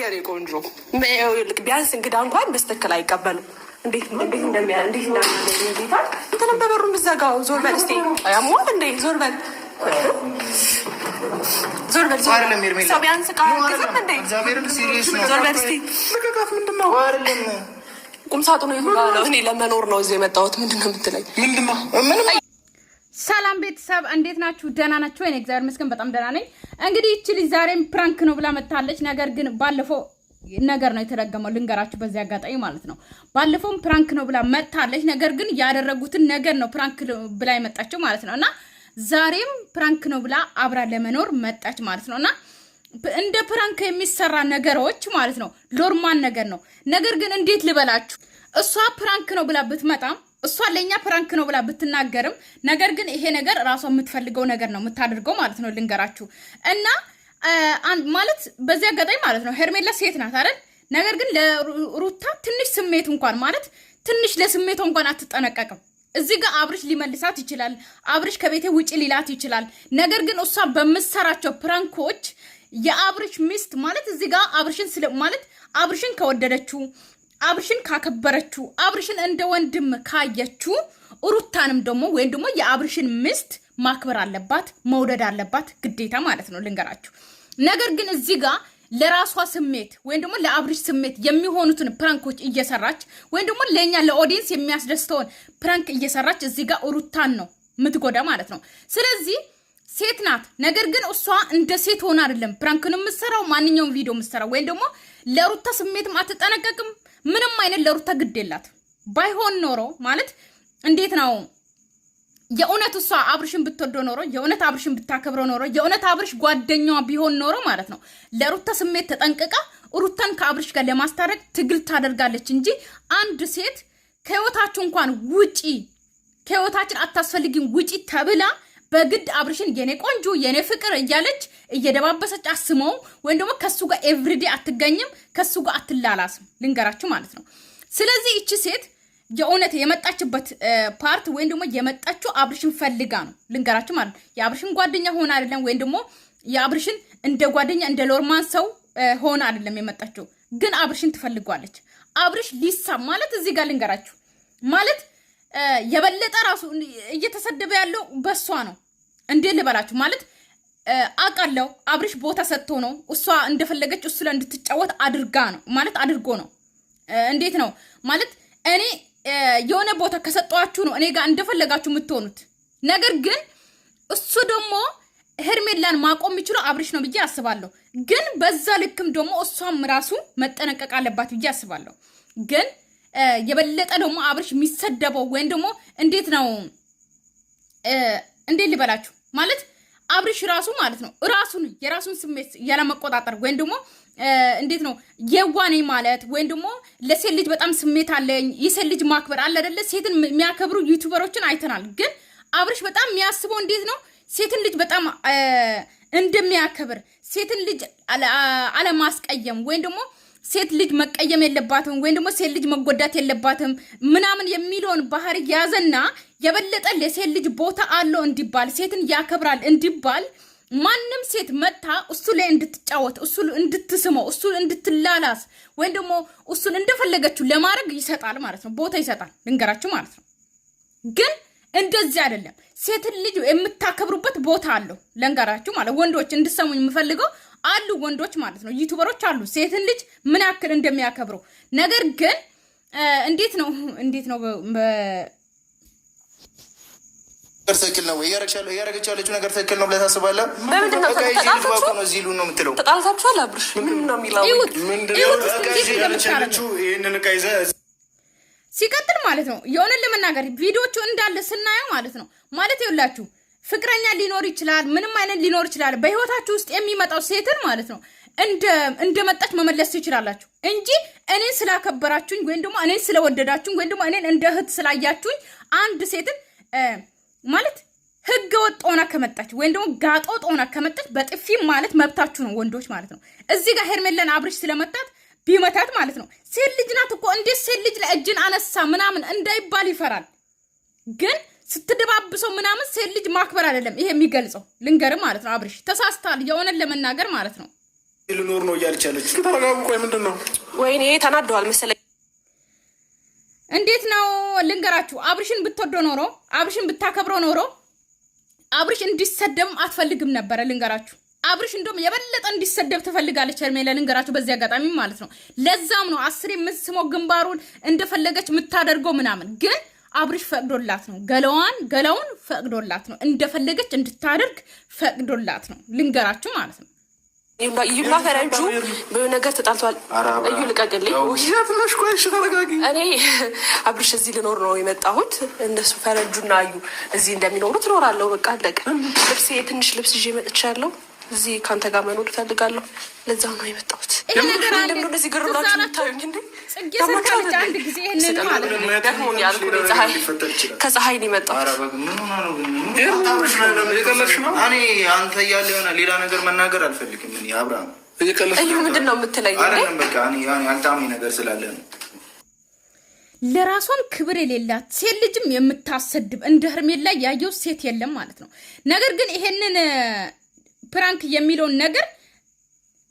የኔ ቆንጆ ቢያንስ እንግዳ እንኳን በስትክል አይቀበልም። እንዴት እንደሚያእንዴት በበሩን ብዘጋው ዞር በል እስኪ አያሟል እንዴ ዞር በል ዞር በል ዞር በል እኔ ለመኖር ነው እዚህ የመጣሁት። ምንድን ነው የምትለኝ? ሰላም ቤተሰብ እንዴት ናችሁ? ደህና ናችሁ ወይ? እግዚአብሔር ይመስገን በጣም ደህና ነኝ። እንግዲህ ይቺ ልጅ ዛሬም ፕራንክ ነው ብላ መታለች። ነገር ግን ባለፈው ነገር ነው የተደገመው። ልንገራችሁ በዚህ አጋጣሚ ማለት ነው። ባለፈውም ፕራንክ ነው ብላ መታለች። ነገር ግን ያደረጉትን ነገር ነው ፕራንክ ብላ የመጣችው ማለት ነው እና ዛሬም ፕራንክ ነው ብላ አብራ ለመኖር መጣች ማለት ነው እና እንደ ፕራንክ የሚሰራ ነገሮች ማለት ነው ሎርማን ነገር ነው። ነገር ግን እንዴት ልበላችሁ እሷ ፕራንክ ነው ብላ ብትመጣም እሷ ለእኛ ፕራንክ ነው ብላ ብትናገርም ነገር ግን ይሄ ነገር ራሷ የምትፈልገው ነገር ነው የምታደርገው ማለት ነው። ልንገራችሁ እና ማለት በዚህ አጋጣሚ ማለት ነው ሄርሜላ ሴት ናት አይደል? ነገር ግን ለሩታ ትንሽ ስሜት እንኳን ማለት ትንሽ ለስሜቷ እንኳን አትጠነቀቅም። እዚህ ጋር አብርሽ ሊመልሳት ይችላል፣ አብርሽ ከቤቴ ውጪ ሊላት ይችላል። ነገር ግን እሷ በምትሰራቸው ፕራንኮች የአብርሽ ሚስት ማለት እዚህ ጋር አብርሽን ማለት አብርሽን ከወደደችው አብርሽን ካከበረችው አብርሽን እንደ ወንድም ካየችው ሩታንም ደግሞ ወይም ደግሞ የአብርሽን ሚስት ማክበር አለባት፣ መውደድ አለባት ግዴታ ማለት ነው። ልንገራችሁ ነገር ግን እዚህ ጋር ለራሷ ስሜት ወይም ደግሞ ለአብርሽ ስሜት የሚሆኑትን ፕራንኮች እየሰራች ወይም ደግሞ ለእኛ ለኦዲየንስ የሚያስደስተውን ፕራንክ እየሰራች እዚህ ጋር ሩታን ነው ምትጎዳ ማለት ነው። ስለዚህ ሴት ናት። ነገር ግን እሷ እንደ ሴት ሆና አይደለም ፕራንክን የምትሰራው ማንኛውም ቪዲዮ የምትሰራው ወይም ደግሞ ለሩታ ስሜትም አትጠነቀቅም። ምንም አይነት ለሩታ ግድ የላት ባይሆን ኖሮ ማለት እንዴት ነው የእውነት እሷ አብርሽን ብትወዶ ኖሮ የእውነት አብርሽን ብታከብረው ኖሮ የእውነት አብርሽ ጓደኛዋ ቢሆን ኖሮ ማለት ነው ለሩታ ስሜት ተጠንቅቃ ሩታን ከአብርሽ ጋር ለማስታረቅ ትግል ታደርጋለች እንጂ አንድ ሴት ከህይወታችሁ እንኳን ውጪ ከህይወታችን አታስፈልጊም ውጪ ተብላ በግድ አብርሽን የኔ ቆንጆ የኔ ፍቅር እያለች እየደባበሰች አስመው ወይም ደግሞ ከሱ ጋር ኤቭሪዴ አትገኝም፣ ከሱ ጋር አትላላስም። ልንገራችሁ ማለት ነው። ስለዚህ እቺ ሴት የእውነት የመጣችበት ፓርት ወይም ደግሞ የመጣችው አብርሽን ፈልጋ ነው። ልንገራችሁ ማለት ነው። የአብርሽን ጓደኛ ሆን አይደለም፣ ወይም ደግሞ የአብርሽን እንደ ጓደኛ እንደ ሎርማን ሰው ሆን አይደለም የመጣችው፣ ግን አብርሽን ትፈልጓለች። አብርሽ ሊሳ ማለት እዚህ ጋር ልንገራችሁ ማለት የበለጠ ራሱ እየተሰደበ ያለው በሷ ነው። እንዴ ልበላችሁ ማለት አውቃለሁ። አብርሽ ቦታ ሰጥቶ ነው እሷ እንደፈለገች እሱ ላይ እንድትጫወት አድርጋ ነው ማለት አድርጎ ነው። እንዴት ነው ማለት እኔ የሆነ ቦታ ከሰጠዋችሁ ነው እኔ ጋር እንደፈለጋችሁ የምትሆኑት። ነገር ግን እሱ ደግሞ ሄርሜላን ማቆም የሚችለው አብርሽ ነው ብዬ አስባለሁ። ግን በዛ ልክም ደግሞ እሷም ራሱ መጠነቀቅ አለባት ብዬ አስባለሁ። ግን የበለጠ ደግሞ አብርሽ የሚሰደበው ወይም ደግሞ እንዴት ነው እንዴት ልበላችሁ ማለት አብርሽ ራሱ ማለት ነው ራሱን የራሱን ስሜት ያለመቆጣጠር ወይም ደግሞ እንዴት ነው የዋኔ ማለት ወይም ደግሞ ለሴት ልጅ በጣም ስሜት አለኝ የሴት ልጅ ማክበር አለ አይደለ? ሴትን የሚያከብሩ ዩቱበሮችን አይተናል። ግን አብርሽ በጣም የሚያስበው እንዴት ነው ሴትን ልጅ በጣም እንደሚያከብር ሴትን ልጅ አለማስቀየም ወይም ደግሞ ሴት ልጅ መቀየም የለባትም ወይም ደግሞ ሴት ልጅ መጎዳት የለባትም ምናምን የሚለውን ባህሪ ያዘና የበለጠ ለሴት ልጅ ቦታ አለው እንዲባል ሴትን ያከብራል እንዲባል ማንም ሴት መታ እሱ ላይ እንድትጫወት እሱ እንድትስመው እሱ እንድትላላስ ወይም ደግሞ እሱን እንደፈለገችው ለማድረግ ይሰጣል ማለት ነው፣ ቦታ ይሰጣል ልንገራችሁ ማለት ነው። ግን እንደዚህ አይደለም። ሴትን ልጅ የምታከብሩበት ቦታ አለው ልንገራችሁ ማለት ወንዶች እንድሰሙኝ የምፈልገው አሉ ወንዶች ማለት ነው ዩቱበሮች አሉ ሴትን ልጅ ምን ያክል እንደሚያከብረው ነገር ግን እንዴት ነው እንዴት ነው ነገር ትክክል ነው ወይ እያደረገች ያለችው ነገር ትክክል ነው ብለህ ታስባለህ? ሲቀጥል ማለት ነው የሆነን ለመናገር ቪዲዮቹ እንዳለ ስናየው ማለት ነው ማለት ይኸውላችሁ ፍቅረኛ ሊኖር ይችላል፣ ምንም አይነት ሊኖር ይችላል። በህይወታችሁ ውስጥ የሚመጣው ሴትን ማለት ነው እንደመጣች መመለስ ትችላላችሁ እንጂ እኔን ስላከበራችሁኝ ወይም ደግሞ እኔን ስለወደዳችሁኝ ወይም ደግሞ እኔን እንደ እህት ስላያችሁኝ አንድ ሴትን ማለት ህገ ወጥ ሆና ከመጣች ወይም ደግሞ ጋጦጥ ሆና ከመጣች በጥፊም ማለት መብታችሁ ነው፣ ወንዶች ማለት ነው። እዚህ ጋር ሄርሜላን አብርሽ ስለመጣት ቢመታት ማለት ነው ሴት ልጅ ናት እኮ እንዴት ሴት ልጅ ላይ እጅን አነሳ ምናምን እንዳይባል ይፈራል ግን ስትደባብሰው ምናምን ሴት ልጅ ማክበር አይደለም ይሄ የሚገልጸው። ልንገር ማለት ነው አብርሽ ተሳስታል፣ የሆነን ለመናገር ማለት ነው። ልኖር ነው እያለች ያለች ተረጋጉ። ቆይ ምንድን ነው? ወይኔ ተናደዋል መሰለኝ። እንዴት ነው ልንገራችሁ፣ አብርሽን ብትወደው ኖሮ አብርሽን ብታከብረው ኖሮ አብርሽ እንዲሰደብም አትፈልግም ነበረ። ልንገራችሁ አብርሽ እንደውም የበለጠ እንዲሰደብ ትፈልጋለች ሄርሜላ። ለልንገራችሁ፣ በዚህ አጋጣሚ ማለት ነው። ለዛም ነው አስሬ የምትስመው ግንባሩን እንደፈለገች የምታደርገው ምናምን ግን አብርሽ ፈቅዶላት ነው። ገለዋን ገለውን ፈቅዶላት ነው። እንደፈለገች እንድታደርግ ፈቅዶላት ነው። ልንገራችሁ ማለት ነው። ይሁላ ፈረንጁ በነገር ተጣልቷል። እዩ ልቀቅልኝ። እኔ አብርሽ እዚህ ልኖር ነው የመጣሁት። እነሱ ፈረንጁና እዩ እዚህ እንደሚኖሩ ትኖራለሁ። በቃ አለቀ። ልብስ የትንሽ ልብስ ይዤ መጥቻለሁ እዚህ ከአንተ ጋር መኖር እፈልጋለሁ። ለዛው ነው የመጣሁት። ከፀሐይ ነው የመጣሁት። አንተ እያለ የሆነ ሌላ ነገር መናገር አልፈልግም። አብርሃም ምንድን ነው የምትለኝ? አልጣሚ ነገር ስላለ ነው ለራሷም ክብር የሌላት ሴት ልጅም የምታሰድብ እንደ ሄርሜላ ያየው ሴት የለም ማለት ነው። ነገር ግን ይሄንን ፕራንክ የሚለውን ነገር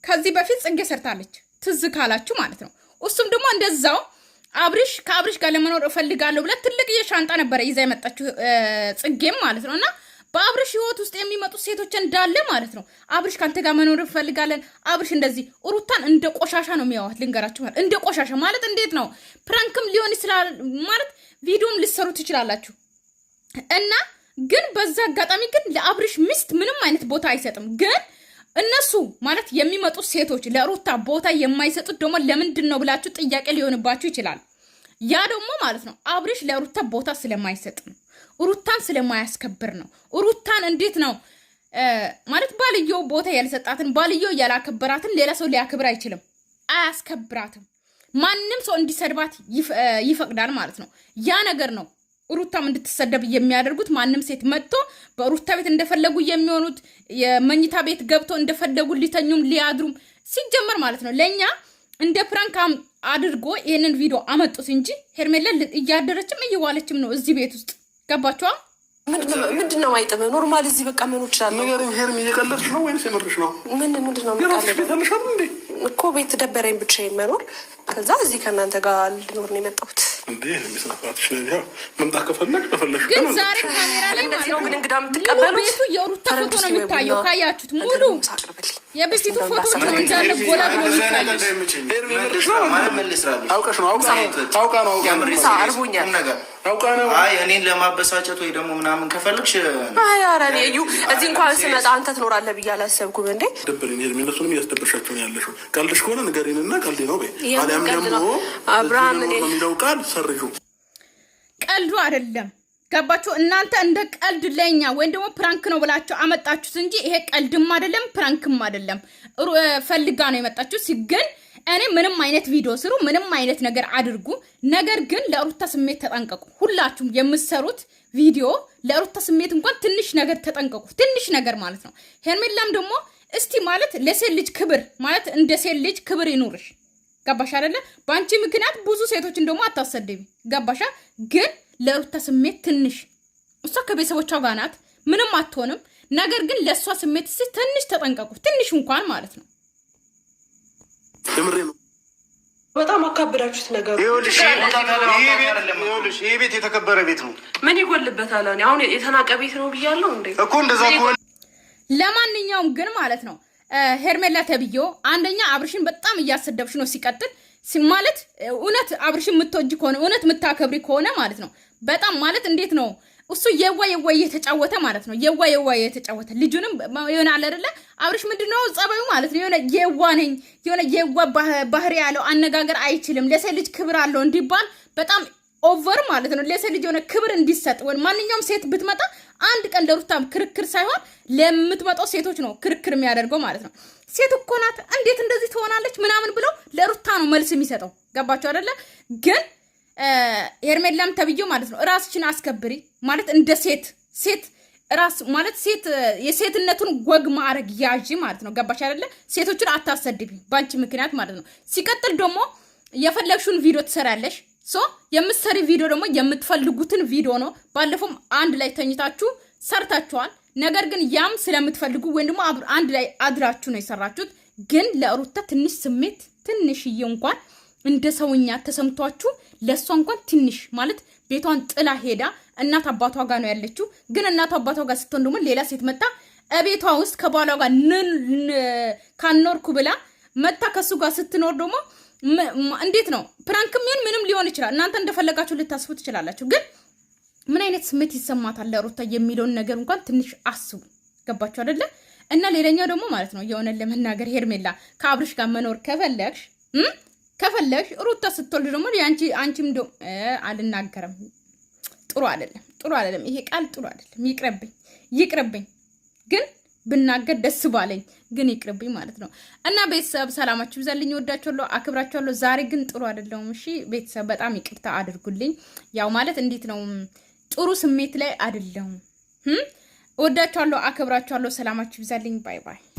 ከዚህ በፊት ጽጌ ሰርታለች፣ ትዝ ካላችሁ ማለት ነው። እሱም ደግሞ እንደዛው አብሪሽ ከአብሪሽ ጋር ለመኖር እፈልጋለሁ ብለ ትልቅዬ ሻንጣ ነበረ ይዛ የመጣችው ጽጌም ማለት ነው እና በአብርሽ ህይወት ውስጥ የሚመጡት ሴቶች እንዳለ ማለት ነው። አብርሽ ከአንተ ጋር መኖር እፈልጋለን አብርሽ እንደዚህ ሩታን እንደ ቆሻሻ ነው የሚያዋት። ልንገራችሁ ማለት እንደ ቆሻሻ ማለት እንዴት ነው? ፕራንክም ሊሆን ይችላል ማለት ቪዲዮም ልሰሩ ትችላላችሁ እና ግን በዛ አጋጣሚ ግን ለአብርሽ ሚስት ምንም አይነት ቦታ አይሰጥም። ግን እነሱ ማለት የሚመጡ ሴቶች ለሩታ ቦታ የማይሰጡት ደግሞ ለምንድን ነው ብላችሁ ጥያቄ ሊሆንባችሁ ይችላል። ያ ደግሞ ማለት ነው አብርሽ ለሩታ ቦታ ስለማይሰጥ ነው፣ ሩታን ስለማያስከብር ነው። ሩታን እንዴት ነው ማለት ባልየው ቦታ ያልሰጣትን ባልየው ያላከበራትን ሌላ ሰው ሊያክብር አይችልም፣ አያስከብራትም። ማንም ሰው እንዲሰድባት ይፈቅዳል ማለት ነው። ያ ነገር ነው ሩታም እንድትሰደብ የሚያደርጉት ማንም ሴት መጥቶ በሩታ ቤት እንደፈለጉ የሚሆኑት የመኝታ ቤት ገብቶ እንደፈለጉ ሊተኙም ሊያድሩም ሲጀመር ማለት ነው ለእኛ እንደ ፕራንክ አድርጎ ይህንን ቪዲዮ አመጡት እንጂ ሄርሜላ እያደረችም እየዋለችም ነው እዚህ ቤት ውስጥ ገባችኋል። ምንድነው አይጥም ኖርማል እዚህ በቃ መኖር እችላለሁ። ነገር ሄርም እየቀለድሽ ነው ወይም የምርሽ ነው? ምን ምንድነው ነው እኮ ቤት ደበረኝ ብቻዬን መኖር። ከዛ እዚህ ከእናንተ ጋር ልኖር ነው የመጣሁት መምጣት ከፈለግ በፈለግሽ ግን ዛሬ ካሜራ ላይ ማለት ነው። ቤቱ የሩታ ፎቶ ነው የሚታየው። ካያችሁት ሙሉ የበፊቱ ፎቶ እንዳለ ጎላ ብሎ የሚታየው። አውቃ ነው። አይ እኔን ለማበሳጨት ወይ ደግሞ ምናምን ከፈለግሽ፣ አይ ኧረ እኔ እዩ እዚህ እንኳን ስመጣ አንተ ትኖራለህ ብዬ አላሰብኩም። እንዴ ደብረኝ የሚነሱንም እያስደበሻቸው ነው ያለሽው። ቀልድሽ ከሆነ ንገሪንና ቀልድ ነው አሊያም ደግሞ አብርሃም የሚለው ቃል አትሰርዡ። ቀልዱ አይደለም። ገባችሁ? እናንተ እንደ ቀልድ ለኛ ወይም ደግሞ ፕራንክ ነው ብላችሁ አመጣችሁት እንጂ ይሄ ቀልድም አይደለም ፕራንክም አይደለም። ፈልጋ ነው የመጣችሁ ሲገን እኔ ምንም አይነት ቪዲዮ ስሩ፣ ምንም አይነት ነገር አድርጉ፣ ነገር ግን ለሩታ ስሜት ተጠንቀቁ። ሁላችሁም የምሰሩት ቪዲዮ ለሩታ ስሜት እንኳን ትንሽ ነገር ተጠንቀቁ። ትንሽ ነገር ማለት ነው። ሄርሜላም ደግሞ እስቲ ማለት ለሴት ልጅ ክብር ማለት እንደ ሴት ልጅ ክብር ይኑርሽ። ገባሽ አደለ? በአንቺ ምክንያት ብዙ ሴቶችን ደግሞ አታሰደቢ። ገባሻ? ግን ለሩታ ስሜት ትንሽ እሷ ከቤተሰቦቿ ጋር ናት፣ ምንም አትሆንም። ነገር ግን ለእሷ ስሜት ስ ትንሽ ተጠንቀቁ፣ ትንሽ እንኳን ማለት ነው። በጣም አካብዳችሁት ነገሩ። ይህ ቤት የተከበረ ቤት ነው። ምን ይጎልበታል? አሁን የተናቀ ቤት ነው ብያለሁ እንዴ እኮ። እንደዛ ለማንኛውም ግን ማለት ነው ሄርሜላ ተብዮ አንደኛ አብርሽን በጣም እያሰደብሽ ነው። ሲቀጥል ማለት እውነት አብርሽን የምትወጂ ከሆነ እውነት የምታከብሪ ከሆነ ማለት ነው በጣም ማለት እንዴት ነው እሱ የዋ የዋ እየተጫወተ ማለት ነው። የዋ የዋ እየተጫወተ ልጁንም የሆነ አለ አይደለ አብርሽ ምንድን ነው ጸባዩ ማለት ነው። የሆነ የዋ ነኝ የሆነ የዋ ባህሪ ያለው አነጋገር አይችልም። ለሴት ልጅ ክብር አለው እንዲባል በጣም ኦቨር ማለት ነው። ለሰው ልጅ የሆነ ክብር እንዲሰጥ ወይ ማንኛውም ሴት ብትመጣ አንድ ቀን ለሩታም ክርክር ሳይሆን ለምትመጣው ሴቶች ነው ክርክር የሚያደርገው ማለት ነው። ሴት እኮ ናት፣ እንዴት እንደዚህ ትሆናለች ምናምን ብለው ለሩታ ነው መልስ የሚሰጠው። ገባችሁ አይደለ? ግን ሄርሜላም ተብዬው ማለት ነው ራስሽን አስከብሪ ማለት እንደ ሴት ሴት ራስ ማለት ሴት የሴትነቱን ወግ ማዕረግ ያዥ ማለት ነው። ገባሽ አይደለ? ሴቶችን አታሰድቢ በአንቺ ምክንያት ማለት ነው። ሲቀጥል ደግሞ የፈለግሽውን ቪዲዮ ትሰራለሽ ሶ የምትሰሪ ቪዲዮ ደግሞ የምትፈልጉትን ቪዲዮ ነው። ባለፈውም አንድ ላይ ተኝታችሁ ሰርታችኋል። ነገር ግን ያም ስለምትፈልጉ ወይም ደግሞ አንድ ላይ አድራችሁ ነው የሰራችሁት። ግን ለሩታ ትንሽ ስሜት ትንሽዬ እንኳን እንደ ሰውኛ ተሰምቷችሁ ለእሷ እንኳን ትንሽ ማለት ቤቷን ጥላ ሄዳ እናት አባቷ ጋር ነው ያለችው። ግን እናት አባቷ ጋር ስትሆን ደግሞ ሌላ ሴት መጣ እቤቷ ውስጥ ከባሏ ጋር ካኖርኩ ብላ መታ ከሱ ጋር ስትኖር ደግሞ እንዴት ነው ፕራንክም ይሁን ምንም ሊሆን ይችላል። እናንተ እንደፈለጋችሁ ልታስቡ ትችላላችሁ። ግን ምን አይነት ስሜት ይሰማታል ለሩታ የሚለውን ነገር እንኳን ትንሽ አስቡ። ገባችሁ አይደለ? እና ሌላኛው ደግሞ ማለት ነው የሆነ ለመናገር ሄርሜላ ከአብርሽ ጋር መኖር ከፈለግሽ ከፈለግሽ ሩታ ስትወልድ ደግሞ አንቺ አንቺም ደ አልናገርም። ጥሩ አይደለም፣ ጥሩ አይደለም። ይሄ ቃል ጥሩ አይደለም። ይቅረብኝ፣ ይቅረብኝ ግን ብናገር ደስ ባለኝ፣ ግን ይቅርብኝ ማለት ነው። እና ቤተሰብ ሰላማችሁ ብዛልኝ፣ ወዳችኋለሁ፣ አክብራችኋለሁ። ዛሬ ግን ጥሩ አይደለሁም። እሺ ቤተሰብ በጣም ይቅርታ አድርጉልኝ። ያው ማለት እንዴት ነው ጥሩ ስሜት ላይ አይደለሁም። ወዳችኋለሁ፣ አክብራችኋለሁ። ሰላማችሁ ብዛልኝ። ባይ ባይ